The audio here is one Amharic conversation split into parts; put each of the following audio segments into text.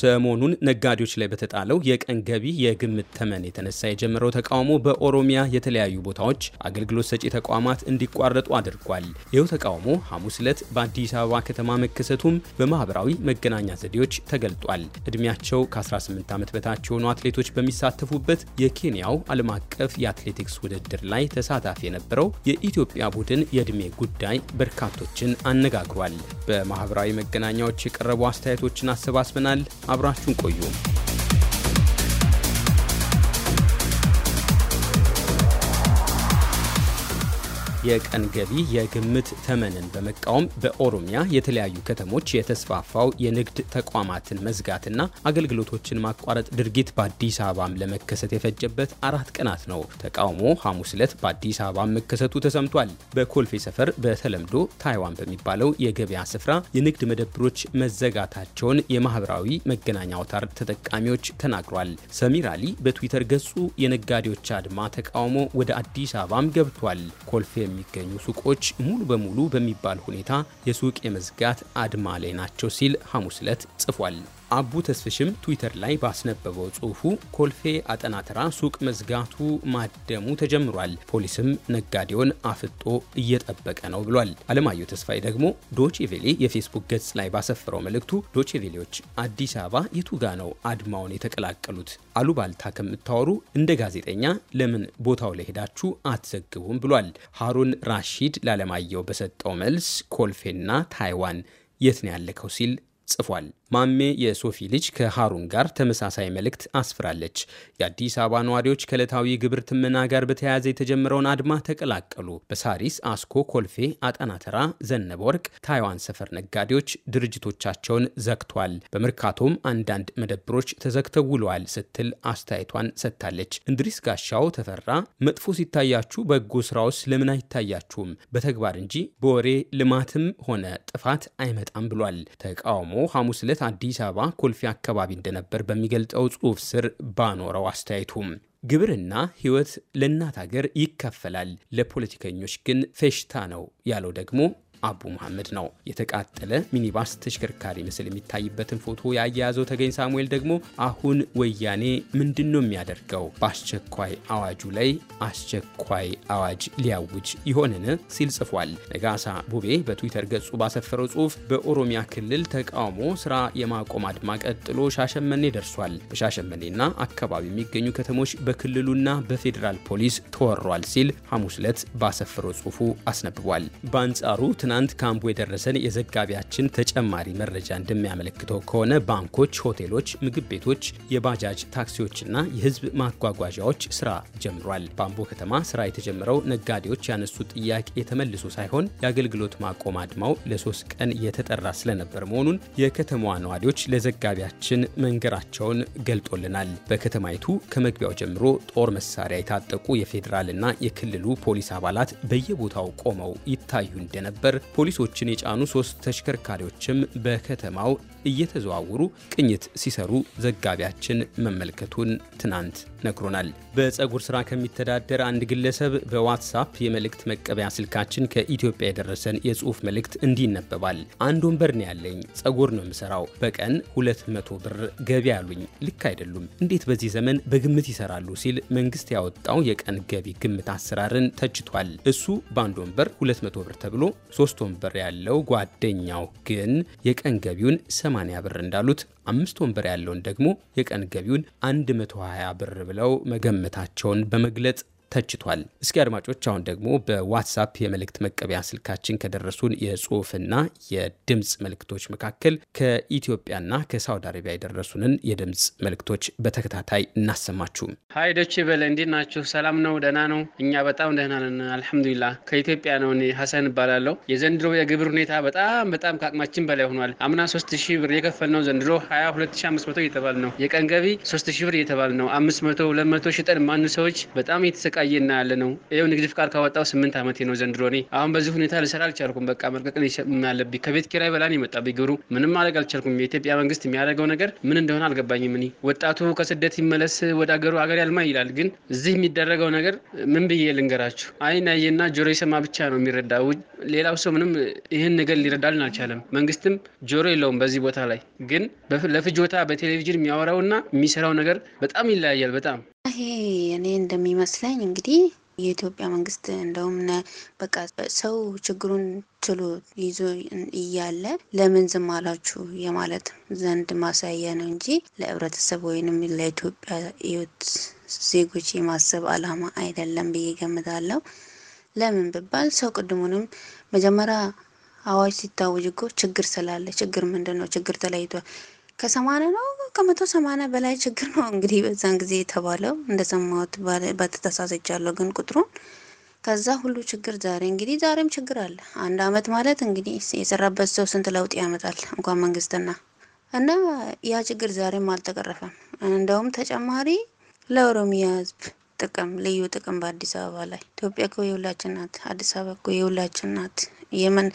ሰሞኑን ነጋዴዎች ላይ በተጣለው የቀን ገቢ የግምት ተመን የተነሳ የጀመረው ተቃውሞ በኦሮሚያ የተለያዩ ቦታዎች አገልግሎት ሰጪ ተቋማት እንዲቋረጡ አድርጓል። ይኸው ተቃውሞ ሐሙስ ዕለት በአዲስ አበባ ከተማ መከሰቱም በማህበራዊ መገናኛ ዘዴዎች ተገልጧል። እድሜያቸው ከ18 ዓመት በታች የሆኑ አትሌቶች በሚሳተፉበት የኬንያው ዓለም አቀፍ የአትሌቲክስ ውድድር ላይ ተሳታፊ የነበረው የኢትዮጵያ ቡድን የዕድሜ ጉዳይ በርካቶችን አነጋግሯል። በማህበራዊ መገናኛዎች የቀረቡ አስተያየቶችን አሰባስበናል። አብራችሁን ቆዩ። የቀን ገቢ የግምት ተመንን በመቃወም በኦሮሚያ የተለያዩ ከተሞች የተስፋፋው የንግድ ተቋማትን መዝጋትና አገልግሎቶችን ማቋረጥ ድርጊት በአዲስ አበባም ለመከሰት የፈጀበት አራት ቀናት ነው። ተቃውሞ ሐሙስ ዕለት በአዲስ አበባ መከሰቱ ተሰምቷል። በኮልፌ ሰፈር በተለምዶ ታይዋን በሚባለው የገበያ ስፍራ የንግድ መደብሮች መዘጋታቸውን የማህበራዊ መገናኛ አውታር ተጠቃሚዎች ተናግሯል። ሰሚር አሊ በትዊተር ገጹ የነጋዴዎች አድማ ተቃውሞ ወደ አዲስ አበባም ገብቷል። ኮልፌ የሚገኙ ሱቆች ሙሉ በሙሉ በሚባል ሁኔታ የሱቅ የመዝጋት አድማ ላይ ናቸው ሲል ሐሙስ ዕለት ጽፏል። አቡ ተስፍሽም ትዊተር ላይ ባስነበበው ጽሁፉ ኮልፌ አጠናትራ ሱቅ መዝጋቱ ማደሙ ተጀምሯል፣ ፖሊስም ነጋዴውን አፍጦ እየጠበቀ ነው ብሏል። አለማየሁ ተስፋዬ ደግሞ ዶችቬሌ የፌስቡክ ገጽ ላይ ባሰፈረው መልእክቱ ዶችቬሌዎች አዲስ አበባ የቱጋ ነው አድማውን የተቀላቀሉት? አሉባልታ ከምታወሩ እንደ ጋዜጠኛ ለምን ቦታው ላይ ሄዳችሁ አትዘግቡም? ብሏል። ሀሩን ራሺድ ላለማየሁ በሰጠው መልስ ኮልፌና ታይዋን የት ነው ያለከው ሲል ጽፏል። ማሜ የሶፊ ልጅ ከሃሩን ጋር ተመሳሳይ መልእክት አስፍራለች። የአዲስ አበባ ነዋሪዎች ከዕለታዊ ግብር ትመና ጋር በተያያዘ የተጀመረውን አድማ ተቀላቀሉ። በሳሪስ፣ አስኮ፣ ኮልፌ፣ አጠናተራ፣ ዘነበ ወርቅ፣ ታይዋን ሰፈር ነጋዴዎች ድርጅቶቻቸውን ዘግቷል። በመርካቶም አንዳንድ መደብሮች ተዘግተው ውለዋል ስትል አስተያየቷን ሰጥታለች። እንድሪስ ጋሻው ተፈራ መጥፎ ሲታያችሁ በጎ ስራውስ ለምን አይታያችሁም? በተግባር እንጂ በወሬ ልማትም ሆነ ጥፋት አይመጣም ብሏል። ተቃውሞ ሐሙስ ዕለት ዕለት አዲስ አበባ ኮልፌ አካባቢ እንደነበር በሚገልጠው ጽሑፍ ስር ባኖረው አስተያየቱም ግብርና ህይወት ለእናት ሀገር ይከፈላል፣ ለፖለቲከኞች ግን ፌሽታ ነው ያለው ደግሞ አቡ መሐመድ ነው። የተቃጠለ ሚኒባስ ተሽከርካሪ ምስል የሚታይበትን ፎቶ ያያያዘው ተገኝ ሳሙኤል ደግሞ አሁን ወያኔ ምንድን ነው የሚያደርገው? በአስቸኳይ አዋጁ ላይ አስቸኳይ አዋጅ ሊያውጅ ይሆንን ሲል ጽፏል። ነጋሳ ቡቤ በትዊተር ገጹ ባሰፈረው ጽሑፍ በኦሮሚያ ክልል ተቃውሞ ስራ የማቆም አድማ ቀጥሎ ሻሸመኔ ደርሷል። በሻሸመኔና አካባቢ የሚገኙ ከተሞች በክልሉና በፌዴራል ፖሊስ ተወሯል ሲል ሐሙስ ዕለት ባሰፈረው ጽሑፉ አስነብቧል። በአንጻሩ ትናንት ካምፑ የደረሰን የዘጋቢያችን ተጨማሪ መረጃ እንደሚያመለክተው ከሆነ ባንኮች፣ ሆቴሎች፣ ምግብ ቤቶች፣ የባጃጅ ታክሲዎችና የህዝብ ማጓጓዣዎች ስራ ጀምሯል። በአምቦ ከተማ ስራ የተጀመረው ነጋዴዎች ያነሱት ጥያቄ የተመልሶ ሳይሆን የአገልግሎት ማቆም አድማው ለሶስት ቀን የተጠራ ስለነበር መሆኑን የከተማዋ ነዋሪዎች ለዘጋቢያችን መንገራቸውን ገልጦልናል። በከተማይቱ ከመግቢያው ጀምሮ ጦር መሳሪያ የታጠቁ የፌዴራልና የክልሉ ፖሊስ አባላት በየቦታው ቆመው ይታዩ እንደነበር ፖሊሶችን የጫኑ ሶስት ተሽከርካሪዎችም በከተማው እየተዘዋወሩ ቅኝት ሲሰሩ ዘጋቢያችን መመልከቱን ትናንት ነግሮናል። በፀጉር ስራ ከሚተዳደር አንድ ግለሰብ በዋትሳፕ የመልእክት መቀበያ ስልካችን ከኢትዮጵያ የደረሰን የጽሁፍ መልእክት እንዲህ ይነበባል። አንድ ወንበር ነው ያለኝ፣ ጸጉር ነው የምሰራው። በቀን ሁለት መቶ ብር ገቢ ያሉኝ። ልክ አይደሉም። እንዴት በዚህ ዘመን በግምት ይሰራሉ? ሲል መንግስት ያወጣው የቀን ገቢ ግምት አሰራርን ተችቷል። እሱ በአንድ ወንበር 200 ብር ተብሎ ሶስት ወንበር ያለው ጓደኛው ግን የቀን ገቢውን 80 ብር እንዳሉት አምስት ወንበር ያለውን ደግሞ የቀን ገቢውን 120 ብር ብለው መገመታቸውን በመግለጽ ተችቷል። እስኪ አድማጮች አሁን ደግሞ በዋትሳፕ የመልእክት መቀበያ ስልካችን ከደረሱን የጽሁፍና የድምፅ መልእክቶች መካከል ከኢትዮጵያና ከሳውዲ አረቢያ የደረሱንን የድምፅ መልእክቶች በተከታታይ እናሰማችሁ። ሀይ ደች በለ እንዴት ናችሁ? ሰላም ነው? ደህና ነው? እኛ በጣም ደህና ነን፣ አልሐምዱሊላ። ከኢትዮጵያ ነው። እኔ ሀሰን እባላለሁ። የዘንድሮ የግብር ሁኔታ በጣም በጣም ከአቅማችን በላይ ሆኗል። አምና ሶስት ብር የከፈልነው ዘንድሮ ሀያ ሁለት ሺህ አምስት መቶ እየተባል ነው። የቀን ገቢ ሶስት ብር እየተባል ነው። አምስት መቶ ሁለት መቶ ሽጠን ማኑ ሰዎች በጣም የተሰቃ እየተሰቃየና ያለ ነው። ይኸው ንግድ ፍቃድ ካወጣው ስምንት ዓመቴ ነው ዘንድሮ። እኔ አሁን በዚህ ሁኔታ ልሰራ አልቻልኩም። በቃ መልቀቅን ያለብኝ ከቤት ኪራይ በላን የመጣብኝ ግብሩ ምንም ማድረግ አልቻልኩም። የኢትዮጵያ መንግስት የሚያደርገው ነገር ምን እንደሆነ አልገባኝም። እኔ ወጣቱ ከስደት ይመለስ ወደ አገሩ አገር ያልማ ይላል። ግን እዚህ የሚደረገው ነገር ምን ብዬ ልንገራችሁ? አይን አየና ጆሮ የሰማ ብቻ ነው የሚረዳ። ሌላው ሰው ምንም ይህን ነገር ሊረዳልን አልቻለም። መንግስትም ጆሮ የለውም በዚህ ቦታ ላይ ግን ለፍጆታ በቴሌቪዥን የሚያወራውና የሚሰራው ነገር በጣም ይለያያል። በጣም ይሄ እኔ እንደሚመስለኝ እንግዲህ የኢትዮጵያ መንግስት እንደውም በቃ ሰው ችግሩን ችሎ ይዞ እያለ ለምን ዝም አላችሁ የማለት ዘንድ ማሳያ ነው እንጂ ለህብረተሰብ ወይንም ለኢትዮጵያ ህይወት ዜጎች የማሰብ አላማ አይደለም ብዬ ገምታለሁ። ለምን ብባል ሰው ቅድሙንም መጀመሪያ አዋጅ ሲታወጅ እኮ ችግር ስላለ ችግር ምንድን ነው ችግር ተለይቷል ከሰማነ ነው ከመቶ ሰማንያ በላይ ችግር ነው እንግዲህ በዛን ጊዜ የተባለው እንደሰማሁት በተሳሳትቻለሁ፣ ግን ቁጥሩን ከዛ ሁሉ ችግር ዛሬ እንግዲህ ዛሬም ችግር አለ። አንድ አመት ማለት እንግዲህ የሰራበት ሰው ስንት ለውጥ ያመጣል እንኳን መንግስትና እና ያ ችግር ዛሬም አልተቀረፈም። እንደውም ተጨማሪ ለኦሮሚያ ህዝብ ጥቅም ልዩ ጥቅም በአዲስ አበባ ላይ ኢትዮጵያ እኮ የሁላችን ናት። አዲስ አበባ እኮ የሁላችን ናት። የመን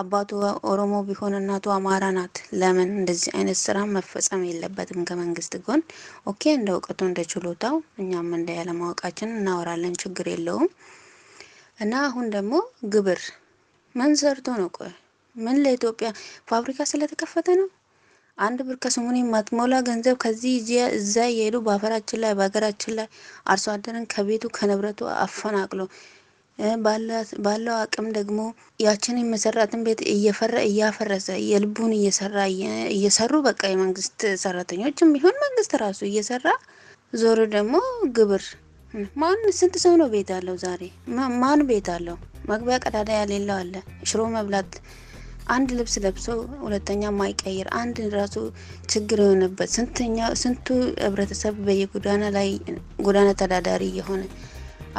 አባቱ ኦሮሞ ቢሆን እናቱ አማራ ናት። ለምን እንደዚህ አይነት ስራ መፈጸም የለበትም ከመንግስት ጎን? ኦኬ እንደ እውቀቱ እንደ ችሎታው እኛም እንደ ያለማወቃችን እናወራለን፣ ችግር የለውም። እና አሁን ደግሞ ግብር ምን ሰርቶ ነው? ቆይ ምን ለኢትዮጵያ ፋብሪካ ስለተከፈተ ነው አንድ ብር ከስሙን የማትሞላ ገንዘብ ከዚህ እዚያ እዛ እየሄዱ በአፈራችን ላይ በሀገራችን ላይ አርሶ አደርን ከቤቱ ከንብረቱ አፈናቅሎ ባለው አቅም ደግሞ ያችን የመሰራትን ቤት እየፈረ እያፈረሰ የልቡን እየሰራ እየሰሩ በቃ የመንግስት ሰራተኞችም ቢሆን መንግስት ራሱ እየሰራ ዞሮ ደግሞ ግብር ማን ስንት ሰው ነው ቤት አለው ዛሬ? ማን ቤት አለው? መግቢያ ቀዳዳ ያሌለው አለ። ሽሮ መብላት አንድ ልብስ ለብሶ ሁለተኛ ማይቀይር አንድ ራሱ ችግር የሆነበት ስንተኛ ስንቱ ህብረተሰብ በየጎዳና ላይ ጎዳና ተዳዳሪ የሆነ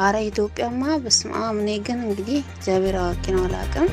አረ ኢትዮጵያማ በስመ አብ። ግን እንግዲህ እግዚአብሔር አዋቂ ነው አላቅም።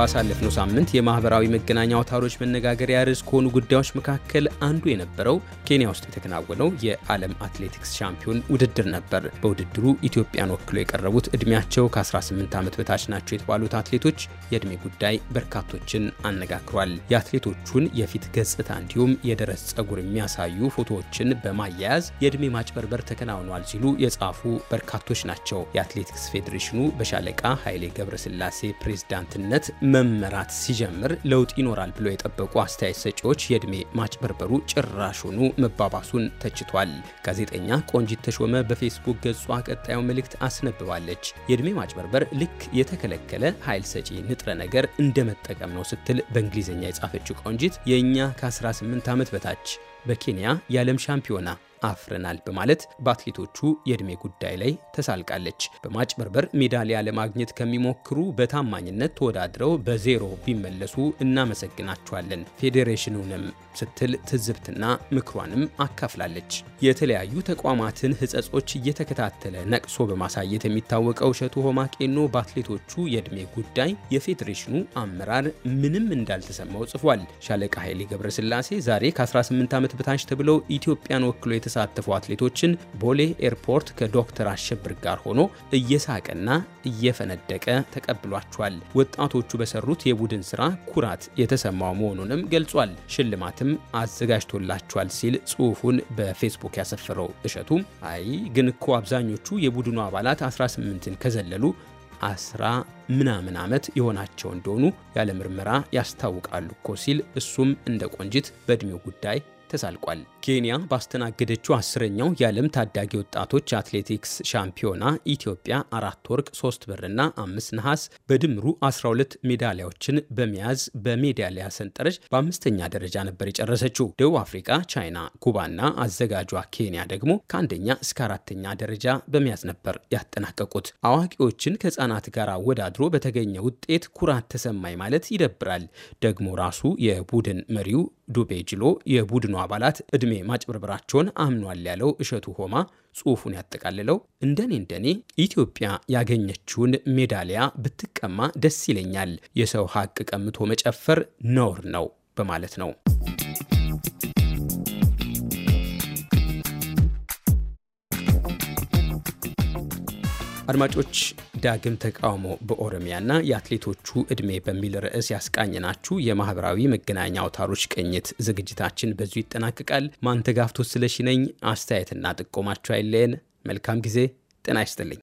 ባሳለፍነው ሳምንት የማህበራዊ መገናኛ አውታሮች መነጋገሪያ ርዕስ ከሆኑ ጉዳዮች መካከል አንዱ የነበረው ኬንያ ውስጥ የተከናወነው የዓለም አትሌቲክስ ሻምፒዮን ውድድር ነበር። በውድድሩ ኢትዮጵያን ወክሎ የቀረቡት እድሜያቸው ከ18 ዓመት በታች ናቸው የተባሉት አትሌቶች የእድሜ ጉዳይ በርካቶችን አነጋግሯል። የአትሌቶቹን የፊት ገጽታ እንዲሁም የደረስ ጸጉር የሚያሳዩ ፎቶዎችን በማያያዝ የዕድሜ ማጭበርበር ተከናውኗል ሲሉ የጻፉ በርካቶች ናቸው። የአትሌቲክስ ፌዴሬሽኑ በሻለቃ ኃይሌ ገብረስላሴ ፕሬዝዳንትነት መመራት ሲጀምር ለውጥ ይኖራል ብሎ የጠበቁ አስተያየት ሰጪዎች የዕድሜ ማጭበርበሩ ጭራሹኑ መባባሱን ተችቷል። ጋዜጠኛ ቆንጂት ተሾመ በፌስቡክ ገጿ ቀጣዩ መልእክት አስነብባለች። የዕድሜ ማጭበርበር ልክ የተከለከለ ኃይል ሰጪ ንጥረ ነገር እንደመጠቀም ነው ስትል በእንግሊዝኛ የጻፈችው ቆንጂት የእኛ ከ18 ዓመት በታች በኬንያ የዓለም ሻምፒዮና አፍረናል በማለት በአትሌቶቹ የዕድሜ ጉዳይ ላይ ተሳልቃለች። በማጭበርበር ሜዳሊያ ለማግኘት ከሚሞክሩ በታማኝነት ተወዳድረው በዜሮ ቢመለሱ እናመሰግናቸዋለን ፌዴሬሽኑንም ስትል ትዝብትና ምክሯንም አካፍላለች። የተለያዩ ተቋማትን ሕጸጾች እየተከታተለ ነቅሶ በማሳየት የሚታወቀው እሸቱ ሆማቄኖ በአትሌቶቹ የዕድሜ ጉዳይ የፌዴሬሽኑ አመራር ምንም እንዳልተሰማው ጽፏል። ሻለቃ ኃይሌ ገብረስላሴ ዛሬ ከ18 ዓመት በታች ተብለው ኢትዮጵያን ወክሎ የተሳተፉ አትሌቶችን ቦሌ ኤርፖርት ከዶክተር አሸብር ጋር ሆኖ እየሳቀና እየፈነደቀ ተቀብሏቸዋል። ወጣቶቹ በሰሩት የቡድን ስራ ኩራት የተሰማው መሆኑንም ገልጿል። ሽልማትም አዘጋጅቶላቸዋል ሲል ጽሁፉን በፌስቡክ ያሰፈረው እሸቱ አይ ግን እኮ አብዛኞቹ የቡድኑ አባላት 18ን ከዘለሉ አስራ ምናምን ዓመት የሆናቸው እንደሆኑ ያለ ምርመራ ያስታውቃሉ እኮ ሲል እሱም እንደ ቆንጂት በእድሜው ጉዳይ ተሳልቋል። ኬንያ ባስተናገደችው አስረኛው የዓለም ታዳጊ ወጣቶች አትሌቲክስ ሻምፒዮና ኢትዮጵያ አራት ወርቅ፣ ሶስት ብርና አምስት ነሐስ በድምሩ 12 ሜዳሊያዎችን በመያዝ በሜዳሊያ ሰንጠረዥ በአምስተኛ ደረጃ ነበር የጨረሰችው። ደቡብ አፍሪካ፣ ቻይና፣ ኩባና አዘጋጇ ኬንያ ደግሞ ከአንደኛ እስከ አራተኛ ደረጃ በመያዝ ነበር ያጠናቀቁት። አዋቂዎችን ከህጻናት ጋር አወዳድሮ በተገኘ ውጤት ኩራት ተሰማኝ ማለት ይደብራል። ደግሞ ራሱ የቡድን መሪው ዱቤ ጅሎ የቡድኑ አባላት ዕድሜ ማጭበርበራቸውን አምኗል ያለው እሸቱ ሆማ ጽሑፉን ያጠቃልለው እንደኔ እንደኔ ኢትዮጵያ ያገኘችውን ሜዳሊያ ብትቀማ ደስ ይለኛል፣ የሰው ሀቅ ቀምቶ መጨፈር ነውር ነው በማለት ነው። አድማጮች ዳግም ተቃውሞ በኦሮሚያና የአትሌቶቹ እድሜ በሚል ርዕስ ያስቃኝናችሁ የማህበራዊ መገናኛ አውታሮች ቅኝት ዝግጅታችን በዙ ይጠናቀቃል። ማንተጋፍቶ ስለሽነኝ አስተያየትና ጥቆማችሁ አይለየን። መልካም ጊዜ። ጤና ይስጥልኝ።